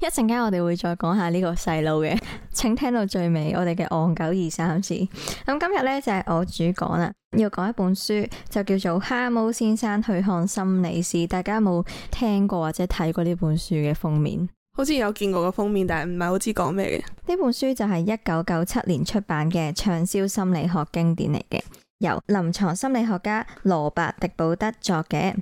一陣間我哋會再講下呢個細路嘅，請聽到最尾我哋嘅岸久二三事。咁今日呢，就係、是、我主講啦，要講一本書就叫做《蛤蟆先生去看心理師》，大家有冇聽過或者睇過呢本書嘅封面，好似有見過個封面，但係唔係好知講咩嘅。呢本書就係一九九七年出版嘅暢銷心理學經典嚟嘅，由臨牀心理學家羅伯狄保德作嘅。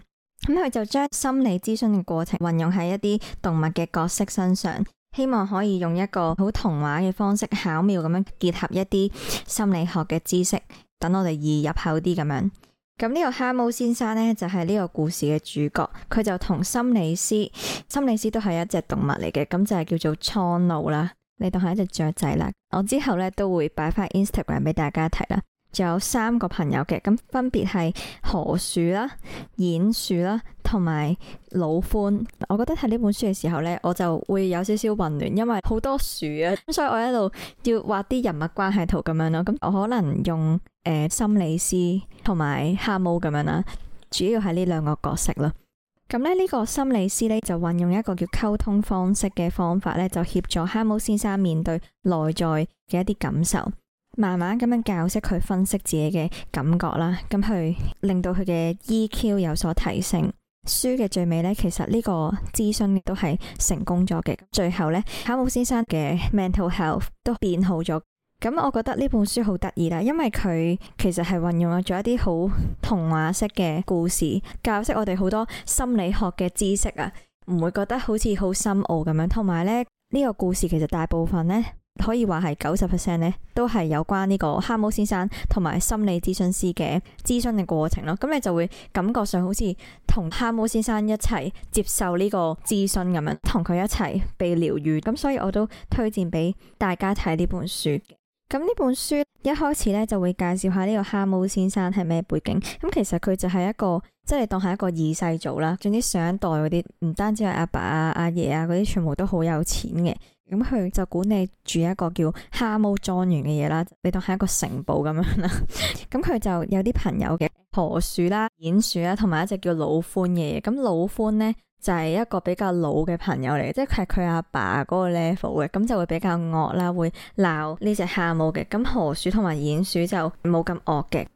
咁佢就將心理諮詢嘅過程運用喺一啲動物嘅角色身上，希望可以用一個好童話嘅方式巧妙咁樣結合一啲心理學嘅知識，等我哋易入口啲咁樣。咁呢個蛤蟆先生呢，就係、是、呢個故事嘅主角，佢就同心理師，心理師都係一隻動物嚟嘅，咁就係叫做蒼鷺啦，你當係一隻雀仔啦。我之後呢，都會擺翻 Instagram 俾大家睇啦。就有三個朋友嘅，咁分別係河鼠啦、鼴鼠啦，同埋老獾。我覺得睇呢本書嘅時候呢，我就會有少少混亂，因為好多鼠啊，咁所以我一度要畫啲人物關係圖咁樣咯。咁我可能用誒、呃、心理師同埋哈姆咁樣啦，主要係呢兩個角色啦。咁咧呢個心理師呢，就運用一個叫溝通方式嘅方法呢，就協助哈姆先生面對內在嘅一啲感受。慢慢咁樣教識佢分析自己嘅感覺啦，咁去令到佢嘅 EQ 有所提升。書嘅最尾呢，其實呢個諮詢都係成功咗嘅。最後呢，蛤蟆先生嘅 mental health 都變好咗。咁我覺得呢本書好得意啦，因為佢其實係運用咗一啲好童話式嘅故事，教識我哋好多心理學嘅知識啊，唔會覺得好似好深奧咁樣。同埋咧，呢、呢個故事其實大部分呢。可以話係九十 percent 咧，都係有關呢個蛤蟆先生同埋心理諮詢師嘅諮詢嘅過程咯。咁你就會感覺上好似同蛤蟆先生一齊接受呢個諮詢咁樣，同佢一齊被療愈。咁所以我都推薦俾大家睇呢本書。咁呢本書一開始咧就會介紹下呢個蛤蟆先生係咩背景。咁其實佢就係一個即係當係一個二世祖啦，總之，上一代嗰啲唔單止係阿爸啊、阿爺啊嗰啲，全部都好有錢嘅。咁佢就管理住一個叫蛤蟆莊園嘅嘢啦，你當係一個城堡咁樣啦。咁 佢就有啲朋友嘅河鼠啦、鼴鼠啦，同埋一隻叫老獾嘅嘢。咁老獾呢，就係、是、一個比較老嘅朋友嚟，即係佢係佢阿爸嗰個 level 嘅，咁就會比較惡啦，會鬧呢隻蛤蟆嘅。咁河鼠同埋鼴鼠就冇咁惡嘅。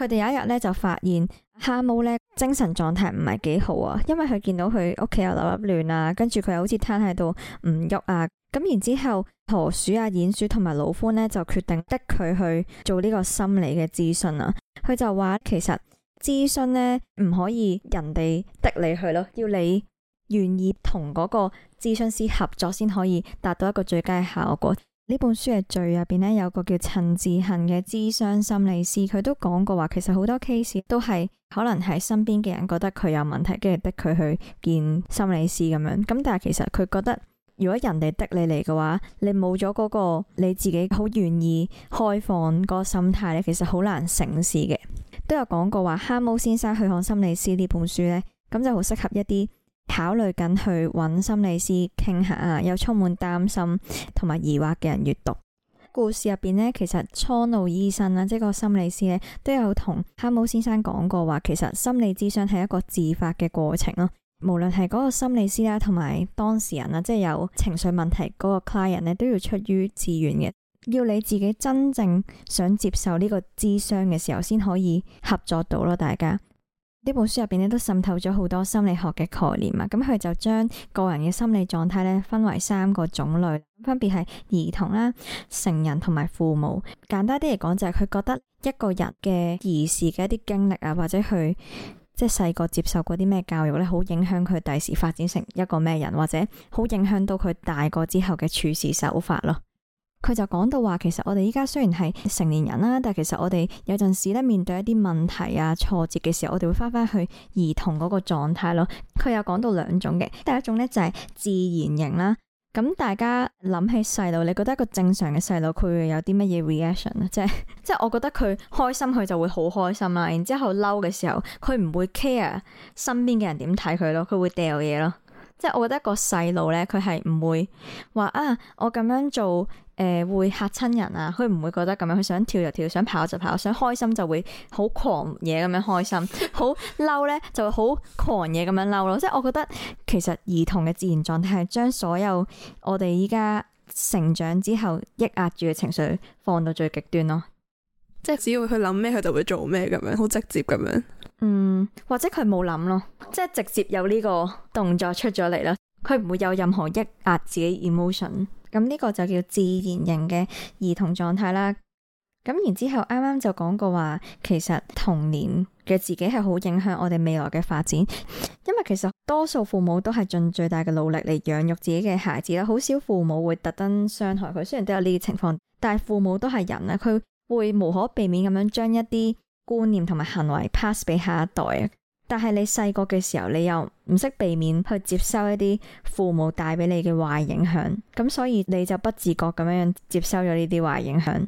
佢哋有一日咧，就發現蛤蟆咧，精神狀態唔係幾好啊，因為佢見到佢屋企又粒粒亂啊，跟住佢又好似癱喺度唔喐啊，咁然之後河鼠啊、鼹鼠同埋老獾咧，就決定逼佢去做呢個心理嘅諮詢啊。佢就話，其實諮詢咧，唔可以人哋逼你去咯，要你願意同嗰個諮詢師合作先可以達到一個最佳效果。呢本書嘅序入邊咧，有個叫陳志恒嘅諮商心理師，佢都講過話，其實好多 case 都係可能係身邊嘅人覺得佢有問題，跟住逼佢去見心理師咁樣。咁但係其實佢覺得，如果人哋逼你嚟嘅話，你冇咗嗰個你自己好願意開放個心態咧，其實好難成事嘅。都有講過話《蛤蟆先生去看心理師》呢本書咧，咁就好適合一啲，考慮緊去搵心理師傾下啊，有充滿擔心同埋疑惑嘅人閱讀。故事入邊呢，其實蒼鷺醫生啦，即係個心理師呢，都有同蛤蟆先生講過話，其實心理諮詢係一個自發嘅過程咯。無論係嗰個心理師啦，同埋當事人啦，即係有情緒問題嗰個 client 咧，都要出於自願嘅，要你自己真正想接受呢個諮詢嘅時候，先可以合作到咯，大家。呢本書入邊咧都滲透咗好多心理學嘅概念啊，咁佢就將個人嘅心理狀態咧分為三個種類，分別係兒童啦、成人同埋父母。簡單啲嚟講就係、是、佢覺得一個人嘅兒時嘅一啲經歷啊，或者佢即係細個接受過啲咩教育咧，好影響佢第時發展成一個咩人，或者好影響到佢大個之後嘅處事手法咯。佢就講到話，其實我哋依家雖然係成年人啦，但係其實我哋有陣時咧面對一啲問題啊、挫折嘅時候，我哋會翻翻去兒童嗰個狀態咯。佢有講到兩種嘅，第一種咧就係自然型啦。咁大家諗起細路，你覺得一個正常嘅細路，佢會有啲乜嘢 reaction 啊？即係即係， 我覺得佢開心，佢就會好開心啦。然之後嬲嘅時候，佢唔會 care 身邊嘅人點睇佢咯，佢會掉嘢咯。即係我覺得一個細路咧，佢係唔會話啊，我咁樣做。誒，會吓親人啊！佢唔會覺得咁樣，佢想跳就跳，想跑就跑，想開心就會好狂野咁樣開心，好嬲咧就會好狂野咁樣嬲咯。 即係我覺得，其實兒童嘅自然狀態係將所有我哋依家成長之後抑壓住嘅情緒放到最極端咯。即係只要佢諗咩，佢就會做咩咁樣，好直接咁樣。嗯，或者佢冇諗咯，即係直接有呢個動作出咗嚟咯。佢唔會有任何抑壓自己 emotion。咁呢個就叫自然型嘅兒童狀態啦。咁然之後啱啱就講過話，其實童年嘅自己係好影響我哋未來嘅發展，因為其實多數父母都係盡最大嘅努力嚟養育自己嘅孩子啦。好少父母會特登傷害佢，雖然都有呢啲情況，但係父母都係人啊，佢會無可避免咁樣將一啲觀念同埋行為 pass 俾下一代啊。但係你細個嘅時候，你又唔識避免去接收一啲父母帶俾你嘅壞影響，咁所以你就不自覺咁樣接收咗呢啲壞影響。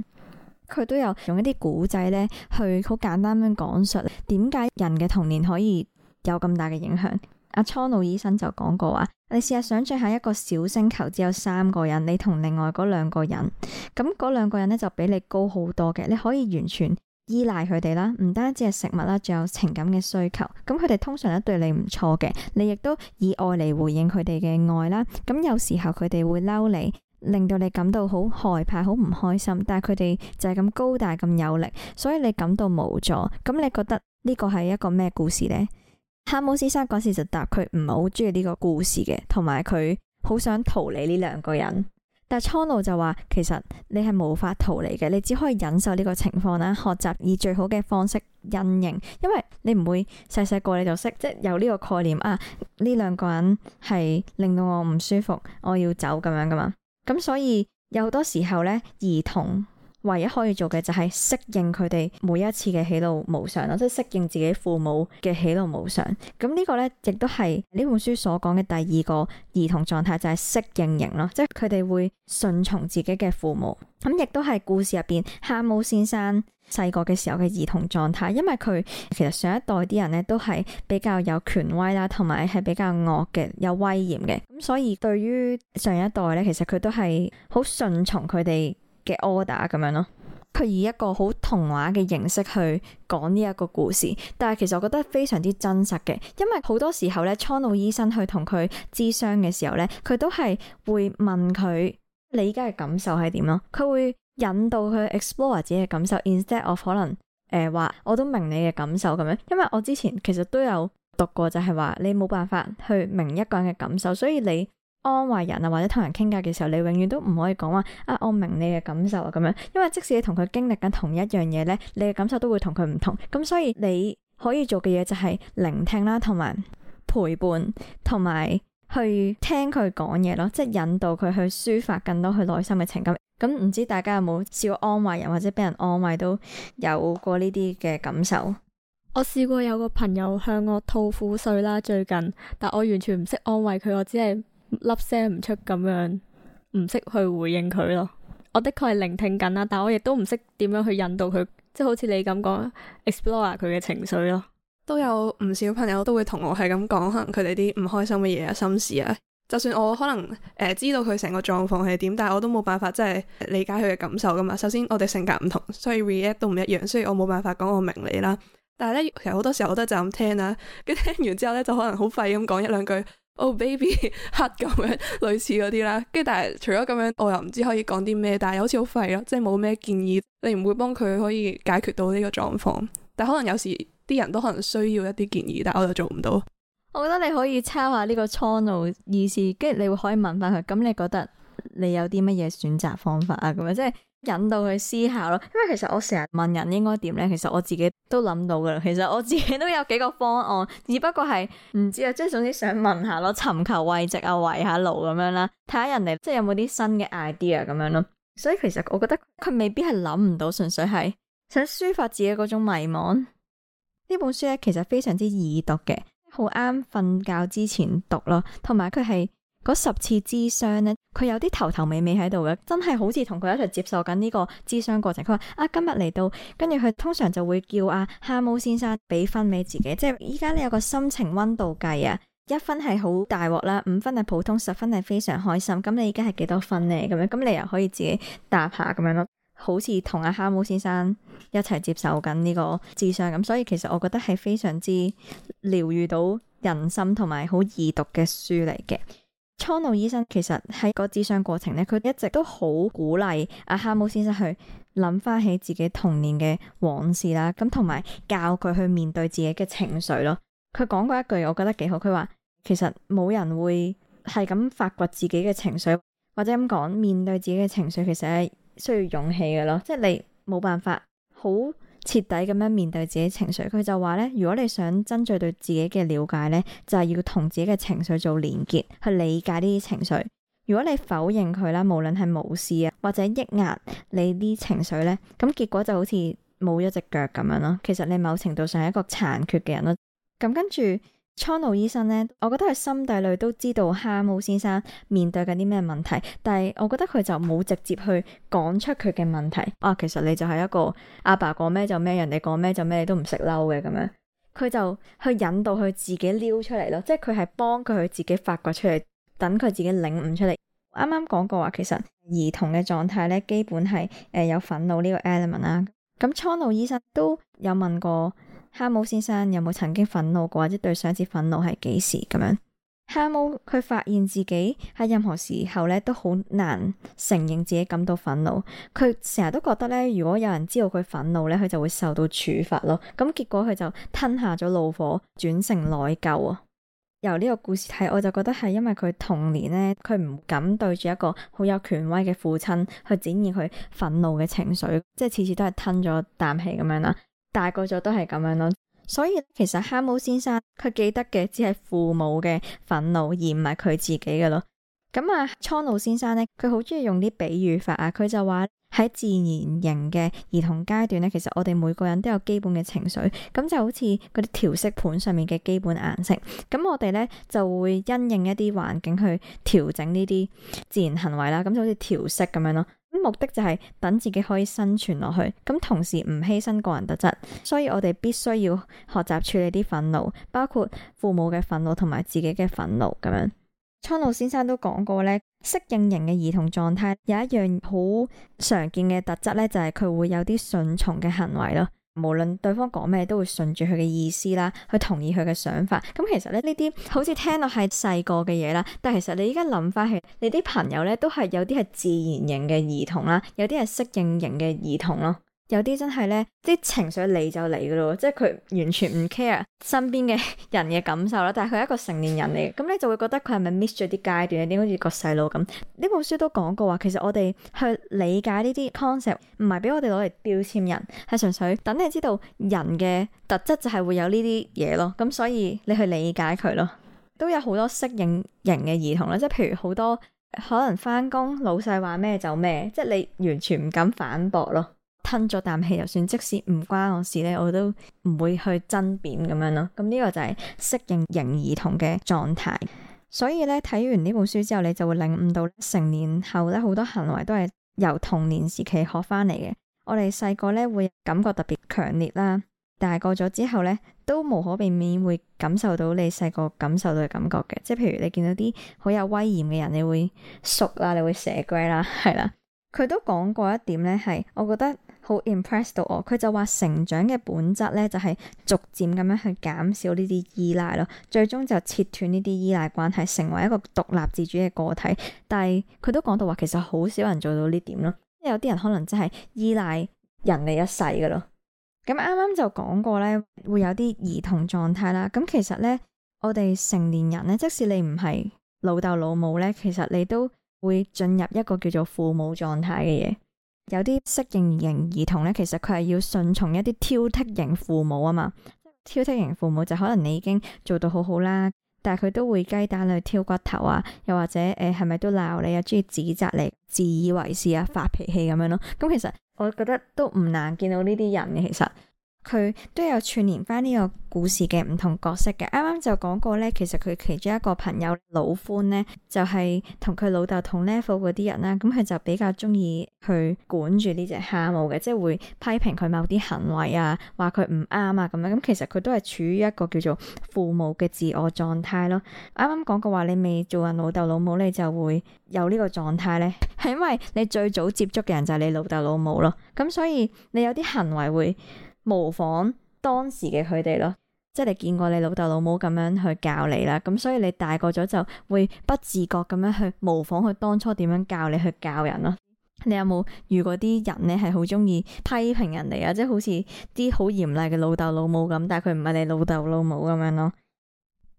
佢都有用一啲古仔呢去好簡單咁講述點解人嘅童年可以有咁大嘅影響。阿蒼鷺醫生就講過話：你試下想象下一個小星球只有三個人，你同另外嗰兩個人，咁嗰兩個人呢就比你高好多嘅，你可以完全。依賴佢哋啦，唔單止係食物啦，仲有情感嘅需求。咁佢哋通常都對你唔錯嘅，你亦都以愛嚟回應佢哋嘅愛啦。咁有時候佢哋會嬲你，令到你感到好害怕、好唔開心。但係佢哋就係咁高大、咁有力，所以你感到無助。咁你覺得呢個係一個咩故事呢？蛤蟆先生嗰時就答佢唔係好中意呢個故事嘅，同埋佢好想逃離呢兩個人。但係蒼鷺就話，其實你係無法逃離嘅，你只可以忍受呢個情況啦，學習以最好嘅方式適應，因為你唔會細細個你就識，即係有呢個概念啊，呢兩個人係令到我唔舒服，我要走咁樣㗎嘛，咁所以有好多時候呢，兒童。唯一可以做嘅就係適應佢哋每一次嘅喜怒無常咯，即係適應自己父母嘅喜怒無常。咁呢個呢，亦都係呢本書所講嘅第二個兒童狀態就係適應型咯，即係佢哋會順從自己嘅父母。咁亦都係故事入邊蛤蟆先生細個嘅時候嘅兒童狀態，因為佢其實上一代啲人呢，都係比較有權威啦，同埋係比較惡嘅，有威嚴嘅。咁所以對於上一代呢，其實佢都係好順從佢哋。嘅 order 咁樣咯，佢以一個好童話嘅形式去講呢一個故事，但係其實我覺得非常之真實嘅，因為好多時候咧，蒼老醫生去同佢諮商嘅時候咧，佢都係會問佢你依家嘅感受係點咯，佢會引導佢 explore 自己嘅感受，instead of 可能誒話、呃、我都明你嘅感受咁樣，因為我之前其實都有讀過，就係話你冇辦法去明一個人嘅感受，所以你。安慰人啊，或者同人傾偈嘅時候，你永遠都唔可以講話啊，我明你嘅感受啊，咁樣，因為即使你同佢經歷緊同一樣嘢咧，你嘅感受都會同佢唔同。咁所以你可以做嘅嘢就係聆聽啦，同埋陪伴，同埋去聽佢講嘢咯，即係引導佢去抒發更多佢內心嘅情感。咁唔知大家有冇試過安慰人或者俾人安慰都有過呢啲嘅感受？我試過有個朋友向我吐苦水啦，最近，但我完全唔識安慰佢，我只係。粒聲唔出咁樣，唔識去回應佢咯。我的確係聆聽緊啦，但我亦都唔識點樣去引導佢，即係好似你咁講，explore 佢嘅情緒咯。都有唔少朋友都會同我係咁講，可能佢哋啲唔開心嘅嘢啊、心事啊。就算我可能誒、呃、知道佢成個狀況係點，但係我都冇辦法即係理解佢嘅感受噶嘛。首先，我哋性格唔同，所以 react 都唔一樣，所以我冇辦法講我明你啦。但係咧，其實好多時候我都係就咁聽啦，跟住聽完之後咧，就可能好廢咁講一兩句。哦、oh，baby，黑咁樣，類似嗰啲啦，跟住，但係除咗咁樣，我又唔知可以講啲咩，但係又好似好廢咯，即係冇咩建議，你唔會幫佢可以解決到呢個狀況，但係可能有時啲人都可能需要一啲建議，但係我又做唔到。我覺得你可以抄下呢個 channel 意思，跟住你會可以問翻佢，咁你覺得你有啲乜嘢選擇方法啊？咁樣即係。引導佢思考咯，因為其實我成日問人應該點咧，其實我自己都諗到噶啦，其實我自己都有幾個方案，只不過係唔知啊，即係總之想問下咯，尋求慰藉啊，圍下爐咁樣啦，睇下人哋即係有冇啲新嘅 idea 咁樣咯。所以其實我覺得佢未必係諗唔到，純粹係想抒發自己嗰種迷茫。呢本書咧，其實非常之易讀嘅，好啱瞓覺之前讀咯，同埋佢係。嗰十次諮商咧，佢有啲頭頭尾尾喺度嘅，真係好似同佢一齊接受緊呢個諮商過程。佢話啊，今日嚟到，跟住佢通常就會叫阿蛤蟆先生俾分俾自己，即係依家你有個心情溫度計啊，一分係好大鑊啦，五分係普通，十分係非常開心。咁你而家係幾多分呢？咁樣咁你又可以自己答下咁樣咯，好似同阿蛤蟆先生一齊接受緊呢個諮商咁。所以其實我覺得係非常之療癒到人心，同埋好易讀嘅書嚟嘅。蒼老醫生其實喺個諮商過程咧，佢一直都好鼓勵蛤蟆先生去諗翻起自己童年嘅往事啦，咁同埋教佢去面對自己嘅情緒咯。佢講過一句，我覺得幾好。佢話其實冇人會係咁發掘自己嘅情緒，或者咁講，面對自己嘅情緒，其實係需要勇氣嘅咯。即係你冇辦法好。徹底咁樣面對自己情緒，佢就話咧，如果你想增進對自己嘅了解咧，就係要同自己嘅情緒做連結，去理解呢啲情緒。如果你否認佢啦，無論係無視啊或者抑壓你啲情緒咧，咁結果就好似冇咗隻腳咁樣咯。其實你某程度上係一個殘缺嘅人咯。咁跟住。蒼老醫生咧，我覺得佢心底裏都知道蛤蟆先生面對緊啲咩問題，但係我覺得佢就冇直接去講出佢嘅問題。啊，其實你就係一個阿爸講咩就咩，人哋講咩就咩，都唔識嬲嘅咁樣。佢就去引導佢自己撩出嚟咯，即係佢係幫佢自己發掘出嚟，等佢自己領悟出嚟。啱啱講過話，其實兒童嘅狀態咧，基本係誒有憤怒呢個 element 啦。咁蒼老醫生都有問過。蛤蟆先生有冇曾經憤怒過，或者對上一次憤怒係幾時咁樣？蛤蟆佢發現自己喺任何時候咧都好難承認自己感到憤怒，佢成日都覺得咧，如果有人知道佢憤怒咧，佢就會受到處罰咯。咁結果佢就吞下咗怒火，轉成內疚啊。由呢個故事睇，我就覺得係因為佢童年咧，佢唔敢對住一個好有權威嘅父親去展現佢憤怒嘅情緒，即係次次都係吞咗啖氣咁樣啦。大個咗都係咁樣咯，所以其實蛤蟆先生佢記得嘅只係父母嘅憤怒，而唔係佢自己嘅咯。咁啊，蒼鷺先生咧，佢好中意用啲比喻法啊，佢就話喺自然型嘅兒童階段咧，其實我哋每個人都有基本嘅情緒，咁就好似嗰啲調色盤上面嘅基本顏色，咁我哋咧就會因應一啲環境去調整呢啲自然行為啦，咁就好似調色咁樣咯。目的就係等自己可以生存落去，咁同時唔犧牲個人特質，所以我哋必須要學習處理啲憤怒，包括父母嘅憤怒同埋自己嘅憤怒咁樣。蛤蟆先生都講過咧，適應型嘅兒童狀態有一樣好常見嘅特質呢，就係、是、佢會有啲順從嘅行為咯。無論對方講咩，都會順住佢嘅意思啦，去同意佢嘅想法。咁其實咧，呢啲好似聽落係細個嘅嘢啦，但係其實你而家諗翻起，你啲朋友咧都係有啲係自然型嘅兒童啦，有啲係適應型嘅兒童咯。有啲真係咧，啲情緒嚟就嚟噶咯，即係佢完全唔 care 身邊嘅人嘅感受啦。但係佢係一個成年人嚟嘅，咁你就會覺得佢係咪 miss 咗啲階段？點好似個細路咁？呢本書都講過話，其實我哋去理解呢啲 concept，唔係俾我哋攞嚟標籤人，係純粹等你知道人嘅特質就係會有呢啲嘢咯。咁所以你去理解佢咯，都有好多適應型嘅兒童咧，即係譬如好多可能翻工老細話咩就咩，即係你完全唔敢反駁咯。吞咗啖氣，就算即使唔關我事咧，我都唔會去爭辯咁樣咯。咁呢個就係適應型兒童嘅狀態。所以咧，睇完呢本書之後，你就會領悟到成年後咧，好多行為都係由童年時期學翻嚟嘅。我哋細個咧會感覺特別強烈啦，但係過咗之後咧，都無可避免會感受到你細個感受到嘅感覺嘅。即係譬如你見到啲好有威嚴嘅人，你會縮啦、啊，你會蛇龜啦，係啦。佢都講過一點咧，係我覺得。好 impress 到我，佢就話成長嘅本質咧，就係逐漸咁樣去減少呢啲依賴咯，最終就切斷呢啲依賴關係，成為一個獨立自主嘅個體。但係佢都講到話，其實好少人做到呢點咯。有啲人可能真係依賴人哋一世噶咯。咁啱啱就講過咧，會有啲兒童狀態啦。咁其實咧，我哋成年人咧，即使你唔係老豆老母咧，其實你都會進入一個叫做父母狀態嘅嘢。有啲適應型兒童咧，其實佢係要順從一啲挑剔型父母啊嘛。挑剔型父母就可能你已經做到好好啦，但係佢都會雞蛋去挑骨頭啊，又或者誒，係咪都鬧你啊，中意指責你、自以為是啊、發脾氣咁樣咯。咁其實我覺得都唔難見到呢啲人嘅其實。佢都有串連返呢個故事嘅唔同角色嘅，啱啱就講過咧，其實佢其中一個朋友老獾咧，就係、是、同佢老豆同 level 嗰啲人啦，咁佢就比較鍾意去管住呢隻蛤蟆嘅，即係會批評佢某啲行為啊，話佢唔啱啊咁樣，咁其實佢都係處於一個叫做父母嘅自我狀態咯。啱啱講過話你未做人老豆老母你就會有個狀態，呢個狀態咧，係因為你最早接觸嘅人就係你老豆老母咯，咁所以你有啲行為會。模仿當時嘅佢哋咯，即係你見過你老豆老母咁樣去教你啦，咁所以你大個咗就會不自覺咁樣去模仿佢當初點樣教你去教人咯。你有冇遇過啲人咧係好中意批評人哋啊？即係好似啲好嚴厲嘅老豆老母咁，但係佢唔係你老豆老母咁樣咯。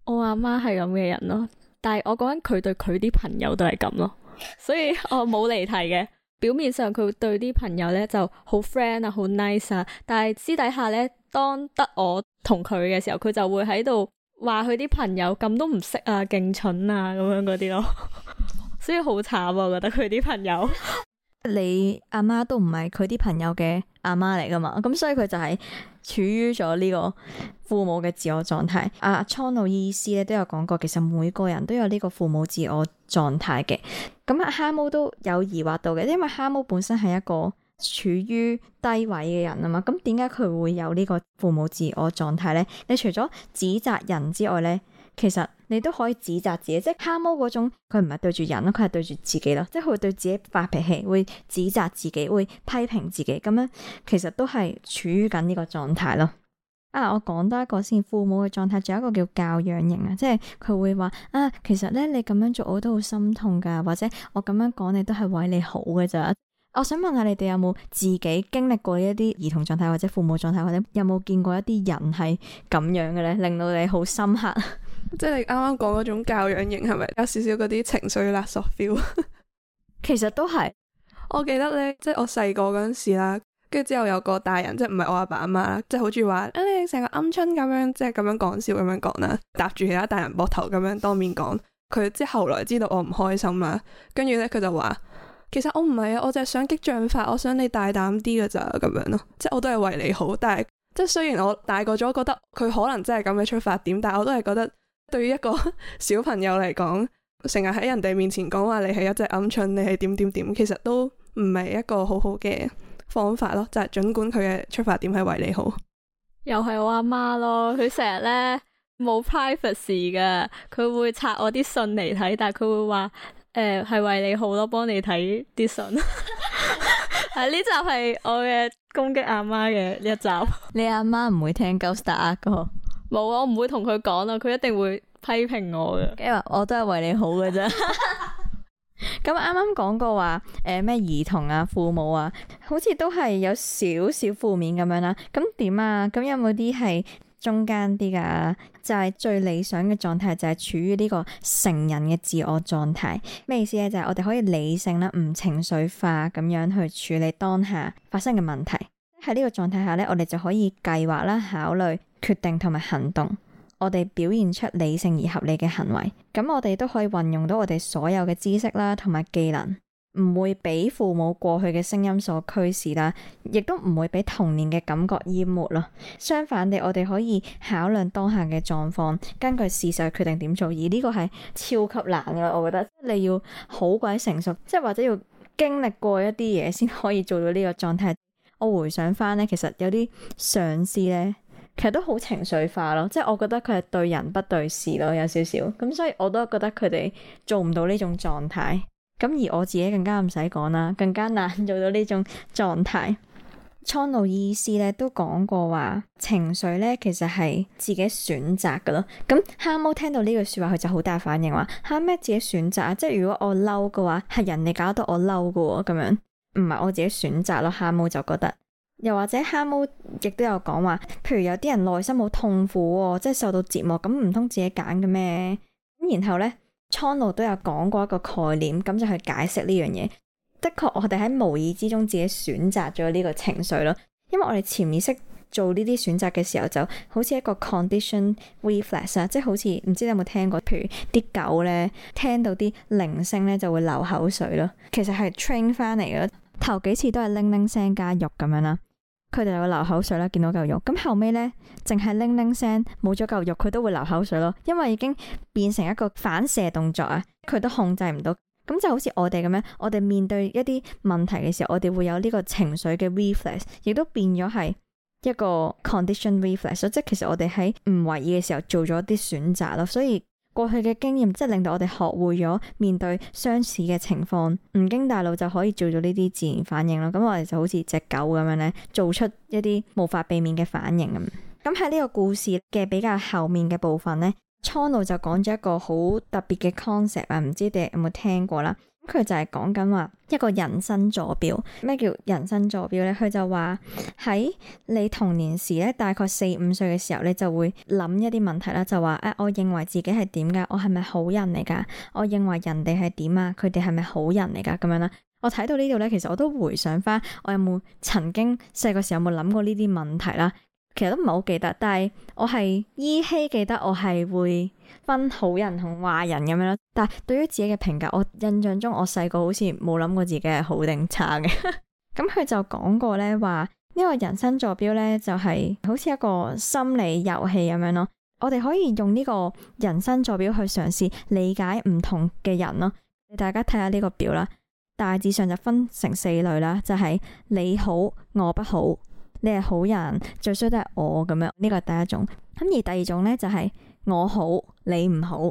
我阿媽係咁嘅人咯，但係我講緊佢對佢啲朋友都係咁咯，所以我冇離題嘅。 表面上佢對啲朋友咧就好 friend 啊、好 nice 啊，但係私底下咧，當得我同佢嘅時候，佢就會喺度話佢啲朋友咁都唔識啊、勁蠢啊咁樣嗰啲咯， 所以好慘啊，我覺得佢啲朋友。 你阿媽都唔係佢啲朋友嘅阿媽嚟噶嘛？咁所以佢就係處於咗呢個父母嘅自我狀態。阿蒼鷺醫師咧都有講過，其實每個人都有呢個父母自我狀態嘅。咁阿蛤蟆都有疑惑到嘅，因為蛤蟆本身係一個處於低位嘅人啊嘛。咁點解佢會有呢個父母自我狀態咧？你除咗指責人之外咧？其實你都可以指責自己，即係蛤蟆嗰種，佢唔係對住人咯，佢係對住自己咯，即係佢會對自己發脾氣，會指責自己，會批評自己咁樣，其實都係處於緊呢個狀態咯。啊，我講多一個先，父母嘅狀態仲有一個叫教養型啊，即係佢會話啊，其實咧你咁樣做我都好心痛噶，或者我咁樣講你都係為你好嘅咋。我想問下你哋有冇自己經歷過一啲兒童狀態，或者父母狀態，或者有冇見過一啲人係咁樣嘅咧，令到你好深刻？即係你啱啱講嗰種教養型係咪有少少嗰啲情緒勒索 feel？其實都係，我記得咧，即係我細個嗰陣時啦，跟住之後有個大人，即係唔係我阿爸阿媽啦，即係好鍾意話，你成個鵪鶉咁樣，即係咁樣講笑咁樣講啦，搭住其他大人膊頭咁樣當面講。佢即係後來知道我唔開心啦，跟住呢，佢就話，其實我唔係啊，我就係想激將法，我想你大膽啲㗎咋，咁樣咯，即係我都係為你好。但係即係雖然我大個咗，覺得佢可能真係咁嘅出發點，但係我都係覺得。對於一個小朋友嚟講，成日喺人哋面前講話你係一隻鵪鶉，你係點點點，其實都唔係一個好好嘅方法咯。就係、是、儘管佢嘅出發點係為你好，又係我阿媽咯。佢成日咧冇 privacy 嘅，佢會拆我啲信嚟睇，但係佢會話誒，係為你好咯，幫你睇啲信。 啊呢集係我嘅攻擊阿媽嘅呢一集。 你阿媽唔會聽9 Star Art 歌。冇啊，我唔會同佢講啊，佢一定會批評我嘅。因為我都係為你好嘅啫。咁啱啱講過話，誒、呃、咩兒童啊、父母啊，好似都係有少少負面咁樣啦。咁點啊？咁有冇啲係中間啲噶、啊？就係、是、最理想嘅狀態就係處於呢個成人嘅自我狀態。咩意思咧？就係、是、我哋可以理性啦，唔情緒化咁樣去處理當下發生嘅問題。喺呢個狀態下咧，我哋就可以計劃啦、考慮、決定同埋行動。我哋表現出理性而合理嘅行為。咁我哋都可以運用到我哋所有嘅知識啦，同埋技能，唔會俾父母過去嘅聲音所驅使啦，亦都唔會俾童年嘅感覺淹沒咯。相反地，我哋可以考量當下嘅狀況，根據事實決定點做。而呢個係超級難嘅，我覺得你要好鬼成熟，即係或者要經歷過一啲嘢，先可以做到呢個狀態。我回想翻咧，其實有啲上司咧，其實都好情緒化咯，即係我覺得佢係對人不對事咯，有少少咁，所以我都覺得佢哋做唔到呢種狀態。咁而我自己更加唔使講啦，更加難做到呢種狀態。蒼鷺意思咧都講過話情緒咧，其實係自己選擇噶咯。咁蛤蟆聽到呢句説話，佢就好大反應話：吓咩自己選擇啊？即係如果我嬲嘅話，係人哋搞到我嬲嘅喎，咁樣。唔係我自己選擇咯，哈姆就覺得，又或者哈姆亦都有講話，譬如有啲人內心好痛苦喎、哦，即係受到折磨，咁唔通自己揀嘅咩？然後咧，蒼鷺都有講過一個概念，咁就去解釋呢樣嘢。的確，我哋喺無意之中自己選擇咗呢個情緒咯，因為我哋潛意識做呢啲選擇嘅時候，就好似一個 condition reflex 啊，即係好似唔知你有冇聽過，譬如啲狗呢聽到啲鈴聲呢就會流口水咯，其實係 train 翻嚟咯。頭幾次都係鈴鈴聲加肉咁樣啦，佢哋就會流口水啦，見到嚿肉。咁後尾呢，淨係鈴鈴聲，冇咗嚿肉，佢都會流口水咯。因為已經變成一個反射動作啊，佢都控制唔到。咁就好似我哋咁樣，我哋面對一啲問題嘅時候，我哋會有呢個情緒嘅 reflex，亦都變咗係一個 condition reflex。即係其實我哋喺唔懷疑嘅時候，做咗啲選擇咯。所以。過去嘅經驗，即係令到我哋學會咗面對相似嘅情況，唔經大腦就可以做到呢啲自然反應啦。咁我哋就好似隻狗咁樣咧，做出一啲無法避免嘅反應咁。咁喺呢個故事嘅比較後面嘅部分咧，蒼鷺就講咗一個好特別嘅 concept 啊，唔知你哋有冇聽過啦。佢就係講緊話一個人生座標。咩叫人生座標呢？佢就話喺你童年時咧，大概四五歲嘅時候，你就會諗一啲問題啦，就話誒、啊，我認為自己係點噶？我係咪好人嚟噶？我認為人哋係點啊？佢哋係咪好人嚟噶？咁樣啦，我睇到呢度咧，其實我都回想翻，我有冇曾經細個時候有冇諗過呢啲問題啦？其實都唔係好記得，但係我係依稀記得我係會分好人同壞人咁樣咯。但係對於自己嘅評價，我印象中我細個好似冇諗過自己係好定差嘅。咁 佢就講過呢話呢個人生座標呢就係、是、好似一個心理遊戲咁樣咯。我哋可以用呢個人生座標去嘗試理解唔同嘅人咯。大家睇下呢個表啦，大致上就分成四類啦，就係、是、你好我不好。你係好人，最衰都係我咁樣，呢個係第一種。咁而第二種呢，就係，就係我好，你唔好。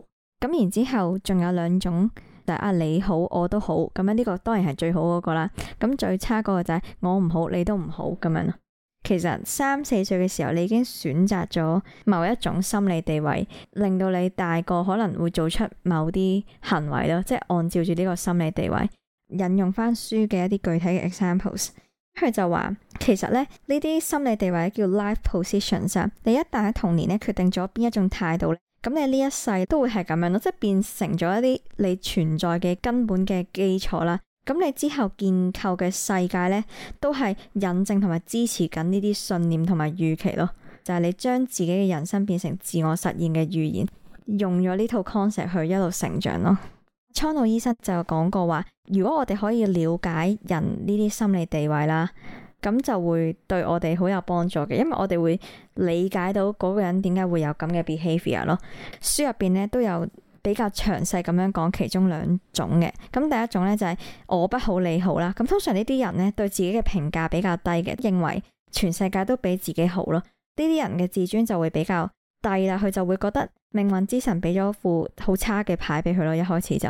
咁然之後仲有兩種就係啊，你好，我都好。咁樣呢個當然係最好嗰個啦。咁最差嗰個就係我唔好，你都唔好咁樣。其實三四歲嘅時候，你已經選擇咗某一種心理地位，令到你大個可能會做出某啲行為咯，即係按照住呢個心理地位。引用翻書嘅一啲具體嘅 examples。佢就話，其實咧呢啲心理地位叫 life positions，你一旦喺童年咧決定咗邊一種態度咧，咁你呢一世都會係咁樣咯，即係變成咗一啲你存在嘅根本嘅基礎啦。咁你之後建構嘅世界咧，都係引證同埋支持緊呢啲信念同埋預期咯。就係你將自己嘅人生變成自我實現嘅預言，用咗呢套 concept 去一路成長咯。川老醫生就講過話，如果我哋可以了解人呢啲心理地位啦，咁就會對我哋好有幫助嘅，因為我哋會理解到嗰個人點解會有咁嘅 behaviour 咯。書入邊咧都有比較詳細咁樣講其中兩種嘅，咁第一種咧就係我不好你好啦。咁通常呢啲人咧對自己嘅評價比較低嘅，認為全世界都比自己好咯。呢啲人嘅自尊就會比較。第二啦，佢就會覺得命運之神俾咗副好差嘅牌俾佢咯，一開始就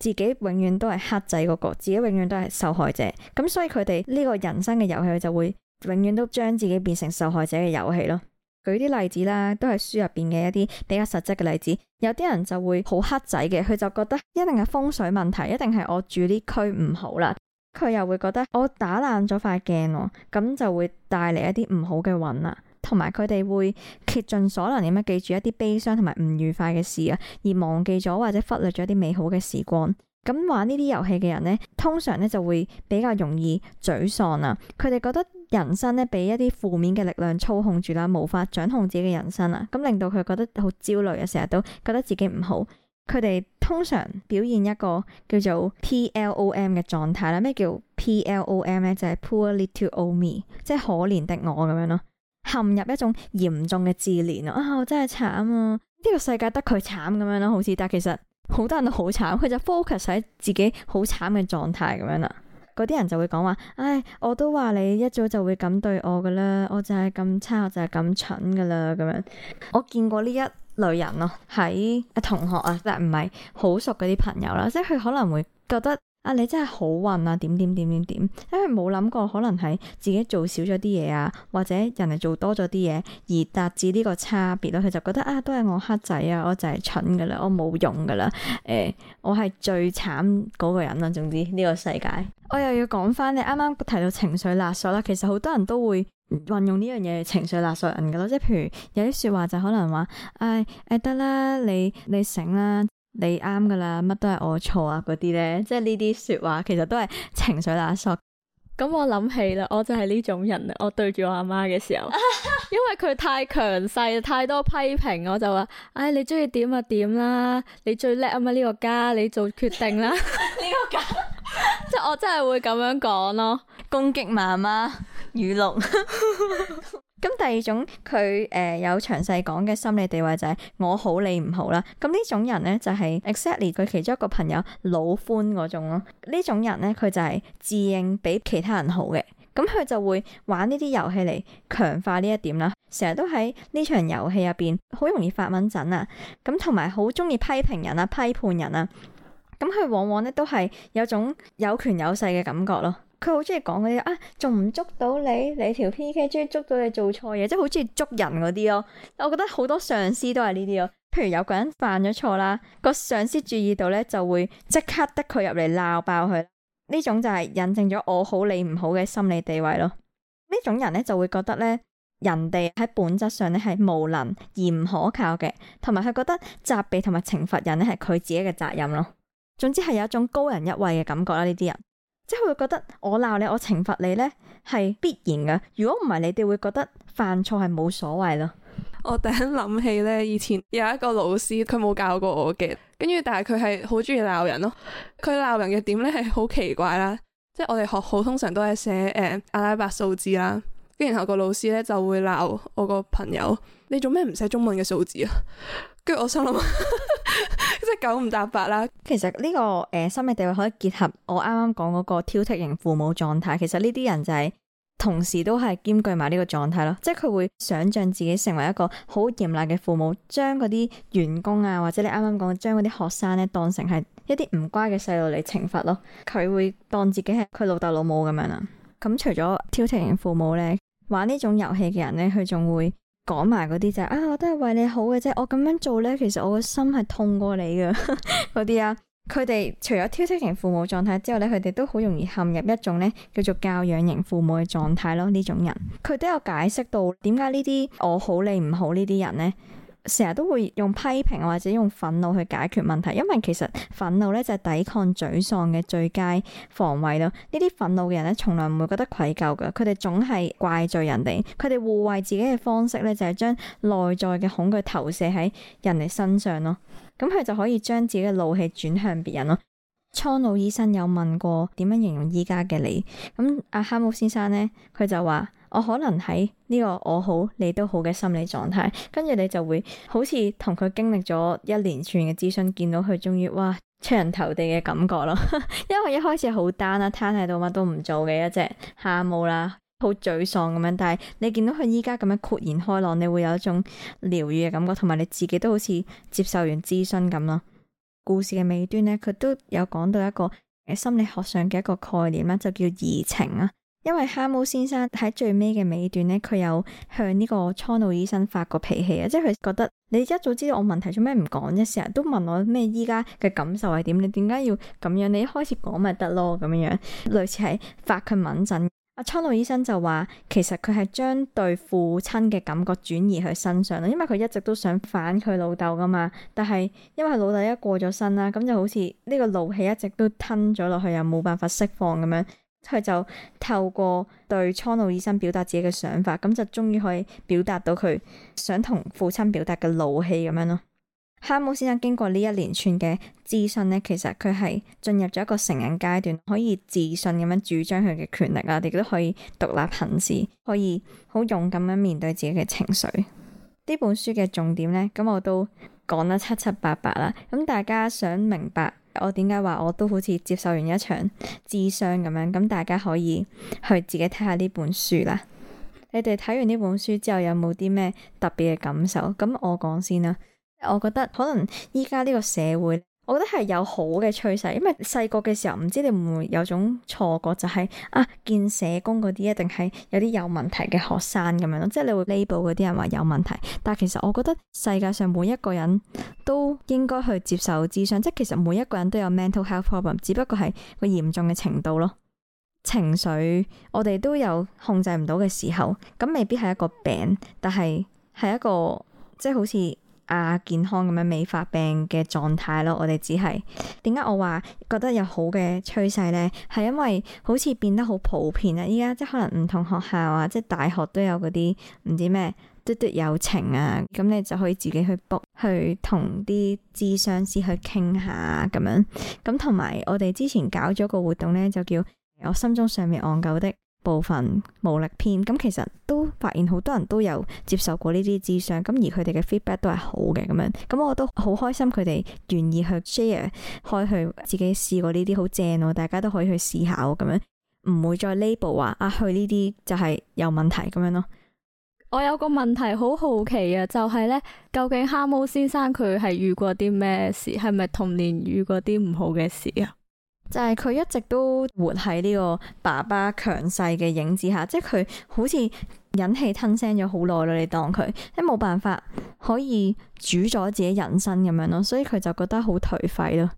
自己永遠都係黑仔嗰個，自己永遠都係受害者，咁所以佢哋呢個人生嘅遊戲，佢就會永遠都將自己變成受害者嘅遊戲咯。舉啲例子啦，都係書入邊嘅一啲比較實質嘅例子，有啲人就會好黑仔嘅，佢就覺得一定係風水問題，一定係我住呢區唔好啦，佢又會覺得我打爛咗塊鏡喎，咁就會帶嚟一啲唔好嘅運啦。同埋佢哋會竭盡所能咁樣記住一啲悲傷同埋唔愉快嘅事啊，而忘記咗或者忽略咗一啲美好嘅時光。咁玩呢啲遊戲嘅人呢，通常呢就會比較容易沮喪啊。佢哋覺得人生呢，俾一啲負面嘅力量操控住啦，無法掌控自己嘅人生啊。咁令到佢覺得好焦慮啊，成日都覺得自己唔好。佢哋通常表現一個叫做 PLOM 嘅狀態啦。咩叫 PLOM 呢？就係、是、Poor Little Old Me，即係可憐的我咁樣咯。陷入一種嚴重嘅自憐咯，啊，我真係慘啊！呢個世界得佢慘咁樣咯，好似，但係其實好多人都好慘，佢就 focus 喺自己好慘嘅狀態咁樣啦。嗰啲人就會講話，唉，我都話你一早就會咁對我噶啦，我就係咁差，我就係咁蠢噶啦，咁樣。我見過呢一類人咯，喺同學啊，但係唔係好熟嗰啲朋友啦，即係佢可能會覺得。啊！你真係好運啊！點點點點點，因為冇諗過可能係自己做少咗啲嘢啊，或者人哋做多咗啲嘢而達至呢個差別咯。佢就覺得啊，都係我黑仔啊，我就係蠢噶啦，我冇用噶啦，誒、哎，我係最慘嗰個人啦。總之呢個世界，我又要講翻你啱啱提到情緒勒索啦。其實好多人都會運用呢樣嘢嚟情緒勒索人噶咯。即係譬如有啲說話就可能話唉，誒得啦，你你醒啦。你啱噶啦，乜都係我錯啊嗰啲咧，即係呢啲說話，其實都係情緒勒索。咁我諗起啦，我就係呢種人啦。我對住我阿媽嘅時候，因為佢太強勢，太多批評，我就話：唉、哎，你中意點啊點啦，你最叻啊嘛，呢個家，你做決定啦。呢個家，即係我真係會咁樣講咯，攻擊媽媽語錄。 咁第二種佢誒、呃、有詳細講嘅心理地位就係我好你唔好啦，咁呢種人咧就係、是、exactly 佢其中一個朋友老獾嗰種咯，呢種人咧佢就係自認比其他人好嘅，咁佢就會玩呢啲遊戲嚟強化呢一點啦，成日都喺呢場遊戲入邊好容易發蚊疹啊，咁同埋好中意批評人啊批判人啊，咁佢往往咧都係有種有權有勢嘅感覺咯。佢好中意講嗰啲啊，仲唔捉到你？你條 P K 中意捉到你做錯嘢，即係好中意捉人嗰啲咯。我覺得好多上司都係呢啲咯。譬如有個人犯咗錯啦，個上司注意到咧，就會即刻得佢入嚟鬧爆佢。呢種就係印證咗我好你唔好嘅心理地位咯。呢種人咧就會覺得咧，人哋喺本質上咧係無能而唔可靠嘅，同埋佢覺得責備同埋懲罰人咧係佢自己嘅責任咯。總之係有一種高人一等嘅感覺啦，啊，呢啲人。即係會覺得我鬧你，我懲罰你呢，係必然㗎。如果唔係，你哋會覺得犯錯係冇所謂咯。我突然諗起呢，以前有一個老師，佢冇教過我嘅，跟住但係佢係好中意鬧人咯。佢鬧人嘅點呢？係好奇怪啦。即係我哋學好通常都係寫、呃、阿拉伯數字啦，跟然後個老師呢就會鬧我個朋友：你做咩唔寫中文嘅數字啊？跟住我想諗，即係九唔搭八啦。其實呢個誒心理地位可以結合我啱啱講嗰個挑剔型父母狀態。其實呢啲人就係同時都係兼具埋呢個狀態咯。即係佢會想象自己成為一個好嚴厲嘅父母，將嗰啲員工啊，或者你啱啱講將嗰啲學生咧當成係一啲唔乖嘅細路嚟懲罰咯。佢會當自己係佢老豆老母咁樣啦。咁除咗挑剔型父母咧，玩呢種遊戲嘅人咧，佢仲會。講埋嗰啲就係啊，我都係為你好嘅啫，我咁樣做呢，其實我個心係痛過你噶嗰啲啊。佢哋除咗挑剔型父母狀態之外呢，佢哋都好容易陷入一種呢，叫做教養型父母嘅狀態咯。呢種人，佢都有解釋到點解呢啲我好你唔好呢啲人呢。成日都會用批評或者用憤怒去解決問題，因為其實憤怒咧就係抵抗沮喪嘅最佳防衛咯。呢啲憤怒嘅人咧，從來唔會覺得愧疚噶，佢哋總係怪罪人哋。佢哋護衛自己嘅方式咧，就係將內在嘅恐懼投射喺人哋身上咯。咁佢就可以將自己嘅怒氣轉向別人咯。蒼老醫生有問過點樣形容依家嘅你？咁阿哈姆先生咧，佢就話。我可能喺呢個我好你都好嘅心理狀態，跟住你就會好似同佢經歷咗一連串嘅諮詢，見到佢終於哇出人頭地嘅感覺咯。 因為一開始好 down 啦，癱喺度乜都唔做嘅一隻蛤蟆啦，好沮喪咁樣。但係你見到佢依家咁樣豁然開朗，你會有一種療愈嘅感覺，同埋你自己都好似接受完諮詢咁咯。故事嘅尾端咧，佢都有講到一個誒心理學上嘅一個概念啦，就叫移情啊。因為蛤蟆先生喺最尾嘅尾段咧，佢有向呢個蒼鷺醫生發過脾氣啊，即係佢覺得你一早知道我問題，做咩唔講？一成日都問我咩依家嘅感受係點？你點解要咁樣？你一開始講咪得咯，咁樣類似係發佢猛震。阿蒼鷺醫生就話，其實佢係將對父親嘅感覺轉移去身上啦，因為佢一直都想反佢老豆噶嘛。但係因為佢老豆一過咗身啦，咁就好似呢個怒氣一直都吞咗落去，又冇辦法釋放咁樣。佢就透過對蒼老醫生表達自己嘅想法，咁就終於可以表達到佢想同父親表達嘅怒氣咁樣咯。蛤蟆先生經過呢一連串嘅諮詢咧，其實佢係進入咗一個成人階段，可以自信咁樣主張佢嘅權利啊，亦都可以獨立行事，可以好勇敢咁面對自己嘅情緒。呢本書嘅重點咧，咁我都講得七七八八啦。咁大家想明白？我點解話我都好似接受完一場諮商咁樣？咁大家可以去自己睇下呢本書啦。你哋睇完呢本書之後有冇啲咩特別嘅感受？咁我講先啦。我覺得可能依家呢個社會。我覺得係有好嘅趨勢，因為細個嘅時候唔知你會唔會有種錯覺，就係，啊，見社工嗰啲一定係有啲有問題嘅學生咁樣咯，即係你會 label 嗰啲人話有問題。但係其實我覺得世界上每一個人都應該去接受諮商，即係其實每一個人都有 mental health problem，只不過係個嚴重嘅程度咯。情緒我哋都有控制唔到嘅時候，咁未必係一個病，但係係一個即係好似。亞、啊、健康咁樣未發病嘅狀態咯，我哋只係，點解我話覺得有好嘅趨勢呢？係因為好似變得好普遍啦、啊，而家即係可能唔同學校啊，即係大學都有嗰啲唔知咩嘟嘟友情啊，咁你就可以自己去 book 去同啲諮商師去傾下咁、啊、樣，咁同埋我哋之前搞咗個活動呢，就叫我心中上面憨狗的。部分無力篇咁，其實都發現好多人都有接受過呢啲諮商，咁而佢哋嘅 feedback 都係好嘅咁樣，咁我都好開心佢哋願意去 share 開去自己試過呢啲好正，大家都可以去試下咁樣，唔會再 label 話啊去呢啲就係有問題咁樣咯。我有個問題好好奇啊，就係呢：究竟蛤蟆先生佢係遇過啲咩事？係咪童年遇過啲唔好嘅事啊？就係佢一直都活喺呢個爸爸強勢嘅影子下，即係佢好似忍氣吞聲咗好耐啦。你當佢，即冇辦法可以煮咗自己人生咁樣咯，所以佢就覺得好頹廢咯。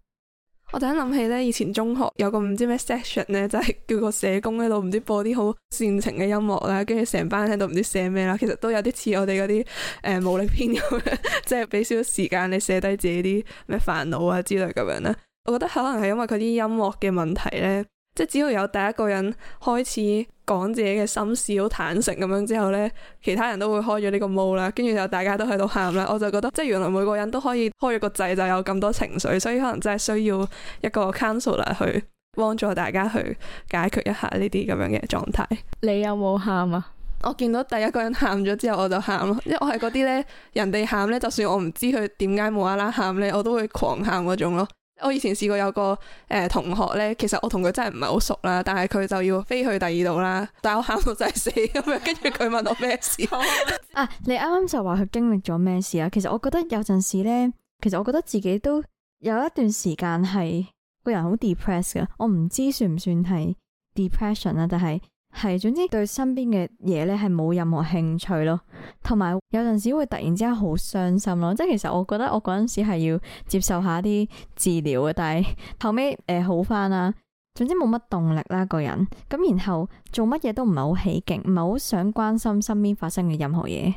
我突然諗起呢，以前中學有個唔知咩 section 呢，就係叫個社工喺度唔知播啲好煽情嘅音樂啦，跟住成班人喺度唔知寫咩啦。其實都有啲似我哋嗰啲誒，無力篇咁嘅，即係俾少少時間你寫低自己啲咩煩惱啊之類咁樣啦。我覺得可能係因為佢啲音樂嘅問題呢，即係只要有第一個人開始講自己嘅心事好坦誠咁樣之後呢，其他人都會開咗呢個帽啦，跟住就大家都喺度喊啦。我就覺得即係原來每個人都可以開咗個掣就有咁多情緒，所以可能真係需要一個 counselor 去幫助大家去解決一下呢啲咁樣嘅狀態。你有冇喊啊？我見到第一個人喊咗之後我就喊咯，因為我係嗰啲呢 人哋喊呢，就算我唔知佢點解冇啦啦喊呢，我都會狂喊嗰種咯。我以前試過有個誒、呃、同學咧，其實我同佢真係唔係好熟啦，但係佢就要飛去第二度啦，但係我喊到真係死咁樣，跟住佢問我咩事 啊？你啱啱就話佢經歷咗咩事啊？其實我覺得有陣時咧，其實我覺得自己都有一段時間係個人好 depressed 㗎，我唔知算唔算係 depression 啊，但係。係，總之對身邊嘅嘢咧係冇任何興趣咯，同埋有陣時會突然之間好傷心咯，即係其實我覺得我嗰陣時係要接受一下啲治療嘅，但係後尾誒好翻啦。呃總之冇乜動力啦，個人咁，然後做乜嘢都唔係好起勁，唔係好想關心身邊發生嘅任何嘢。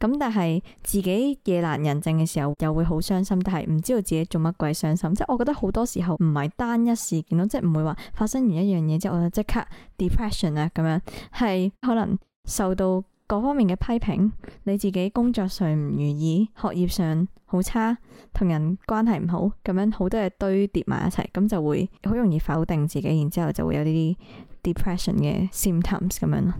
咁但係自己夜闌人靜嘅時候，又會好傷心。但係唔知道自己做乜鬼傷心，即係我覺得好多時候唔係單一事件咯，即係唔會話發生完一樣嘢之後我就即刻 depression 啊咁樣，係可能受到。各方面嘅批評，你自己工作上唔如意，學業上好差，同人關係唔好，咁樣好多嘢堆疊埋一齊，咁就會好容易否定自己，然之後就會有呢啲 depression 嘅 symptoms 咁樣咯。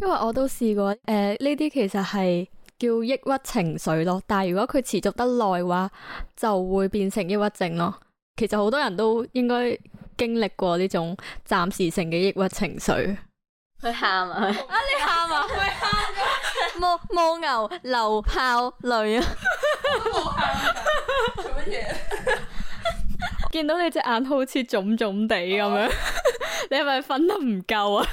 因為我都試過，誒呢啲其實係叫抑鬱情緒咯，但係如果佢持續得耐嘅話，就會變成抑鬱症咯。其實好多人都應該經歷過呢種暫時性嘅抑鬱情緒。去喊啊！去啊！你喊啊？去喊噶！冇牧 牛流泡淚啊！冇喊啊！做乜嘢？ 見到你隻眼好似腫腫地咁樣， 你係咪瞓得唔夠啊？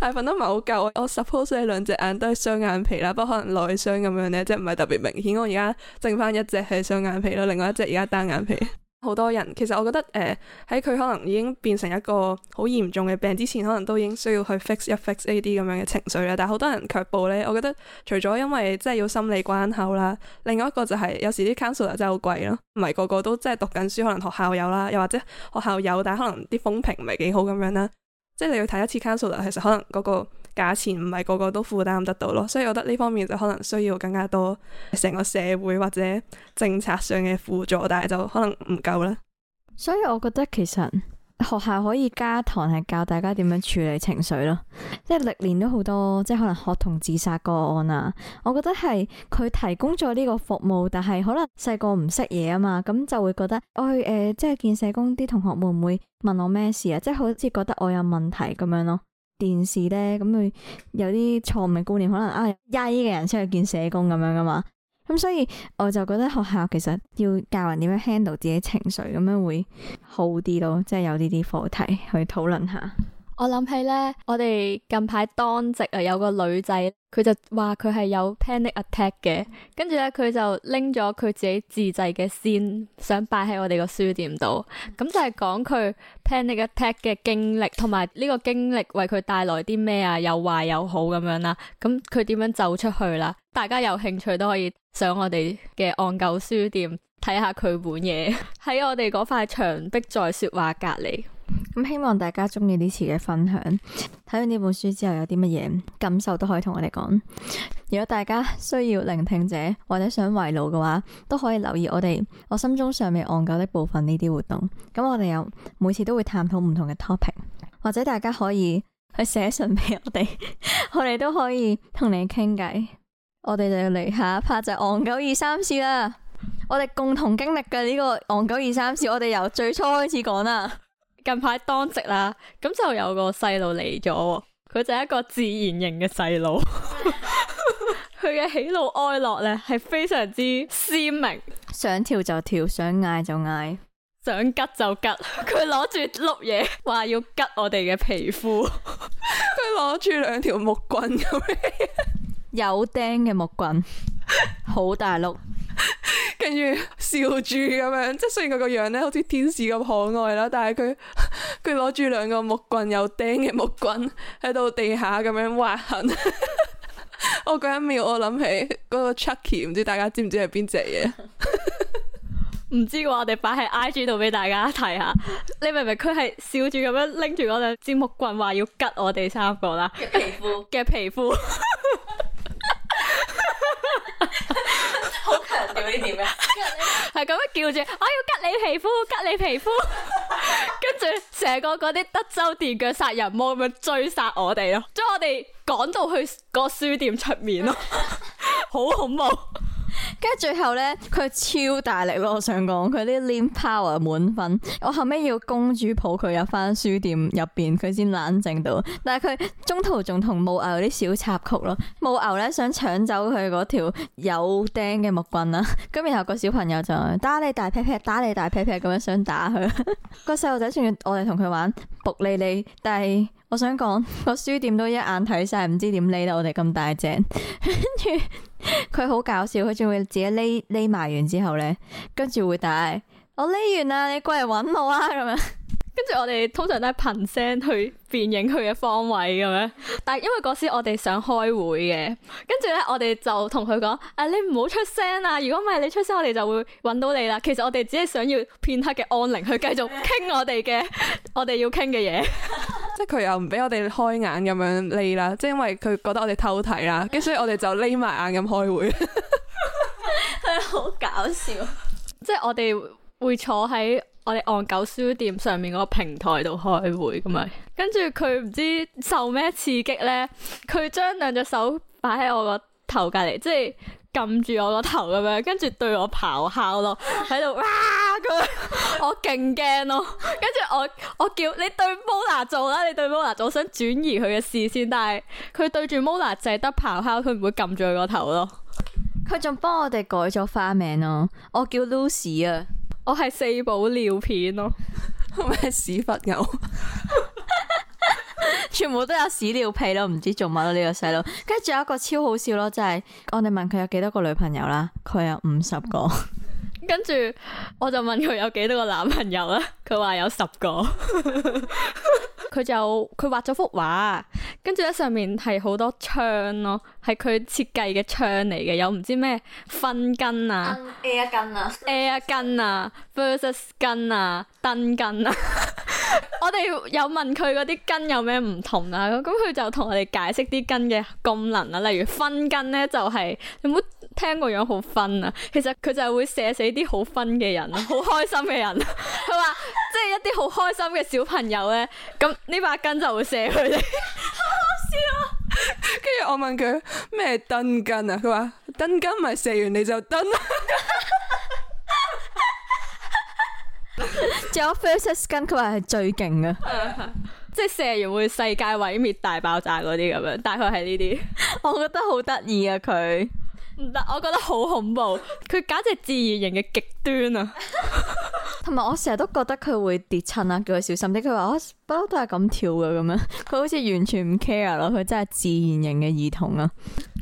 係瞓 得唔係好夠。我 suppose 你兩隻眼都係雙眼皮啦，不過可能內雙咁樣咧，即係唔係特別明顯。我而家剩翻一隻係雙眼皮咯，另外一隻而家單眼皮。好多人，其實我覺得，誒喺佢可能已經變成一個好嚴重嘅病之前，可能都已經需要去 fix 一 fix 呢啲咁樣嘅情緒啦。但係好多人卻步呢，我覺得除咗因為真係要心理關口啦，另外一個就係有時啲 counselor 真係好貴咯，唔係個個都即係讀緊書，可能學校有啦，又或者學校有，但係可能啲風評唔係幾好咁樣啦，即係你要睇一次 counselor，其實可能嗰個。價錢唔係個個都負擔得到咯，所以我覺得呢方面就可能需要更加多成個社會或者政策上嘅輔助，但係就可能唔夠啦。所以我覺得其實學校可以加堂係教大家點樣處理情緒咯，即係歷年都好多即係可能學童自殺個案啊，我覺得係佢提供咗呢個服務，但係可能細個唔識嘢啊嘛，咁就會覺得，哎誒、呃，即係見社工啲同學會唔會問我咩事啊？即係好似覺得我有問題咁樣咯。電視咧，咁佢有啲錯誤嘅觀念，可能啊，曳嘅人出去見社工咁樣噶嘛。咁所以我就覺得學校其實要教人點樣 handle 自己情緒，咁樣會好啲咯。即係有呢啲課題去討論下。我諗起咧，我哋近排當值啊，有個女仔，佢就話佢係有 panic attack 嘅，跟住咧佢就拎咗佢自己自製嘅線，想擺喺我哋個書店度，咁、嗯、就係講佢 panic attack 嘅經歷，同埋呢個經歷為佢帶來啲咩啊，又壞又好咁樣啦，咁佢點樣走出去啦？大家有興趣都可以上我哋嘅岸久書店睇下佢本嘢，喺我哋嗰塊牆壁在說話隔離。咁希望大家中意呢次嘅分享，睇完呢本書之後有啲乜嘢感受都可以同我哋講。如果大家需要聆聽者或者想圍爐嘅話，都可以留意我哋我心中上面岸久的部分呢啲活動。咁我哋又每次都會探討唔同嘅 topic，或者大家可以去寫信俾我哋， 我哋都可以同你傾偈。我哋就要嚟下一 part 就係、岸久二三事啦。我哋共同經歷嘅呢個岸久二三事，我哋由最初開始講啦。近排當值啦，咁就有個細路嚟咗，佢就係一個自然型嘅細路，佢 嘅喜怒哀樂咧係非常之鮮明，想跳就跳，想嗌就嗌，想吉就吉。佢攞住碌嘢，話要吉我哋嘅皮膚，佢攞住兩條木棍咁， 有釘嘅木棍，好大碌。跟住笑住咁樣，即係雖然佢個樣咧好似天使咁可愛啦，但係佢佢攞住兩個木棍有釘嘅木棍喺度地下咁樣挖痕。 我嗰一秒我諗起嗰、嗰個 Chucky，唔知大家知唔知係邊隻嘢？唔 知嘅話，我哋擺喺 IG 度俾大家睇下。 你明唔明？佢係笑住咁樣拎住嗰兩支木棍，話要拮我哋三個啦。嘅皮膚，嘅 的皮膚。 啲係咁樣叫住，我要拮你皮膚，拮你皮膚，跟住成個嗰啲德州電鋸殺人魔咁樣追殺我哋咯，將我哋趕到去個書店出面咯， 好恐怖！跟住最後咧，佢超大力咯！我想講佢啲 lim power 滿分，我後尾要公主抱佢入返書店入邊，佢先冷靜到。但係佢中途仲同母牛啲小插曲咯，母牛咧想搶走佢嗰條有釘嘅木棍啦。咁然後個小朋友就打你大劈劈，打你大劈劈咁樣想打佢。個細路仔仲要我哋同佢玩伏匿匿，但係我想講個書店都一眼睇晒，唔知點匿到我哋咁大隻，跟住。佢好 搞笑，佢仲會自己匿匿埋完之後咧，跟住會打我匿完啦，你過嚟揾我啊咁樣。跟住我哋通常都係憑聲去辨認佢嘅方位咁樣，但係因為嗰時我哋想開會嘅，跟住咧我哋就同佢講：誒、啊，你唔好出聲啦！如果唔係你出聲，我哋就會搵到你啦。其實我哋只係想要片刻嘅安寧，去繼續傾我哋嘅我哋要傾嘅嘢。即係佢又唔俾我哋開眼咁樣匿啦，即係因為佢覺得我哋偷睇啦，跟住所以我哋就匿埋眼咁開會。佢 好 搞笑，即係我哋會坐喺。我哋岸久書店上面嗰個平台度開會咁咪，跟住佢唔知受咩刺激咧，佢將兩隻手擺喺我個頭隔籬，即係撳住我個頭咁樣，跟住對我咆哮咯，喺度啊咁。 我勁驚咯，跟住我我叫你對 Mola 做啦，你對 Mola 做，做，我想轉移佢嘅視線，但係佢對住 Mola 淨係得咆哮，佢唔會撳住佢個頭咯。佢仲幫我哋改咗花名咯，我叫 Lucy 啊。我係四寶尿片咯、哦，咪 屎忽有， 全部都有屎尿屁咯，唔知做乜咯呢個細路，跟住仲有一個超好笑咯，就係、是、我哋問佢有幾多個女朋友啦，佢有五十個。 跟住，我就問佢有幾多個男朋友啦？佢話有十個。 佢就佢畫咗幅畫，跟住喺上面係好多窗咯，係佢設計嘅窗嚟嘅，有唔知咩分根啊，A 一根啊，A 一根啊 versus、um, 根啊，燈根啊。我哋有問佢嗰啲根有咩唔同啊，咁佢就同我哋解釋啲根嘅功能啊。例如分根咧就係有冇？你聽個樣好分啊，其實佢就係會射死啲好分嘅人，好開心嘅人。佢話即係一啲好開心嘅小朋友咧，咁呢把根就會射佢哋， 好好笑、啊。跟住我問佢咩登筋啊？佢話登筋咪射完你就登、啊。仲有 first 筋，佢話係最勁嘅，即係射完會世界毀滅大爆炸嗰啲咁樣，大概係呢啲。 我覺得好得意啊，佢。唔得，我覺得好恐怖，佢簡直自然型嘅極端啊！同 埋我成日都覺得佢會跌親啊，叫佢小心啲。佢話我不嬲都係咁跳嘅咁樣，佢好似完全唔 care 咯。佢真係自然型嘅兒童啊！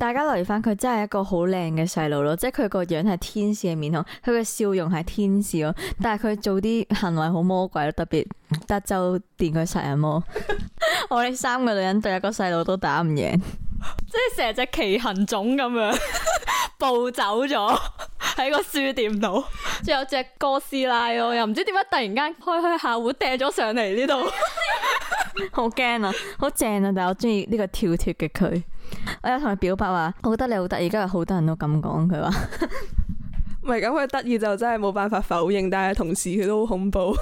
大家留意翻，佢真係一個好靚嘅細路咯，即係佢個樣係天使嘅面孔，佢嘅笑容係天使咯。但係佢做啲行為好魔鬼咯，特別德州電鋸殺人魔。 我哋三個女人對一個細路都打唔贏。即係成隻奇行種咁樣暴 走咗喺個書店度，仲 有隻哥斯拉咯，又唔知點解突然間開開下會掟咗上嚟呢度， 好驚啊，好正啊，但我中意呢個跳脫嘅佢， 我有同佢表白話，我覺得你好得意，而家好多人都咁講佢話，唔係咁佢得意就真係冇辦法否認，但係同時佢都好恐怖，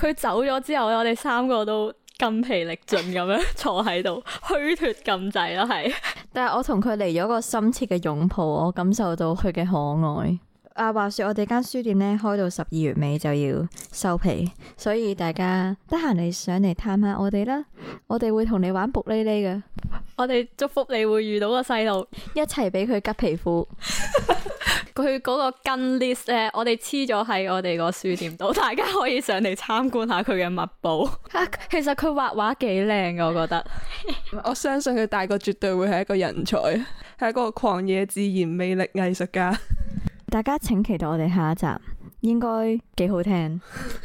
佢 走咗之後我哋三個都。筋疲力盡咁樣坐喺度，虛脫 禁滯咯，係 。但係我同佢嚟咗個深切嘅擁抱，我感受到佢嘅可愛。啊，話說我哋間書店呢，開到十二月尾就要收皮，所以大家得閒你上嚟探下我哋啦，我哋會同你玩卜哩哩嘅，我哋祝福你會遇到個細路， 一齊俾佢拮皮膚。 佢嗰個跟 list 咧，我哋黐咗喺我哋個書店度，大家可以上嚟參觀下佢嘅墨寶。啊，其實佢畫畫幾靚噶，我覺得。 我相信佢大個絕對會係一個人才，係一個狂野自然魅力藝術家。 大家請期待我哋下一集，應該幾好聽。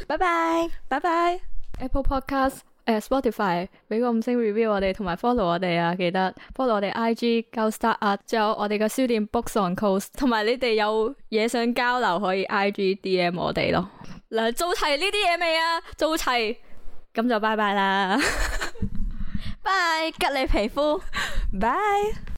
拜拜，拜拜，Apple Podcast。誒，uh，Spotify 俾個五星 review 我哋，同埋 follow 我哋啊，記得 follow 我哋 IG 9startart 啊，仲有我哋嘅書店 Books on Coast，同埋你哋有嘢想交流可以 IG DM 我哋咯。嗱， 做齊呢啲嘢未啊？做齊，咁就拜拜啦，Bye，拮你皮膚，Bye。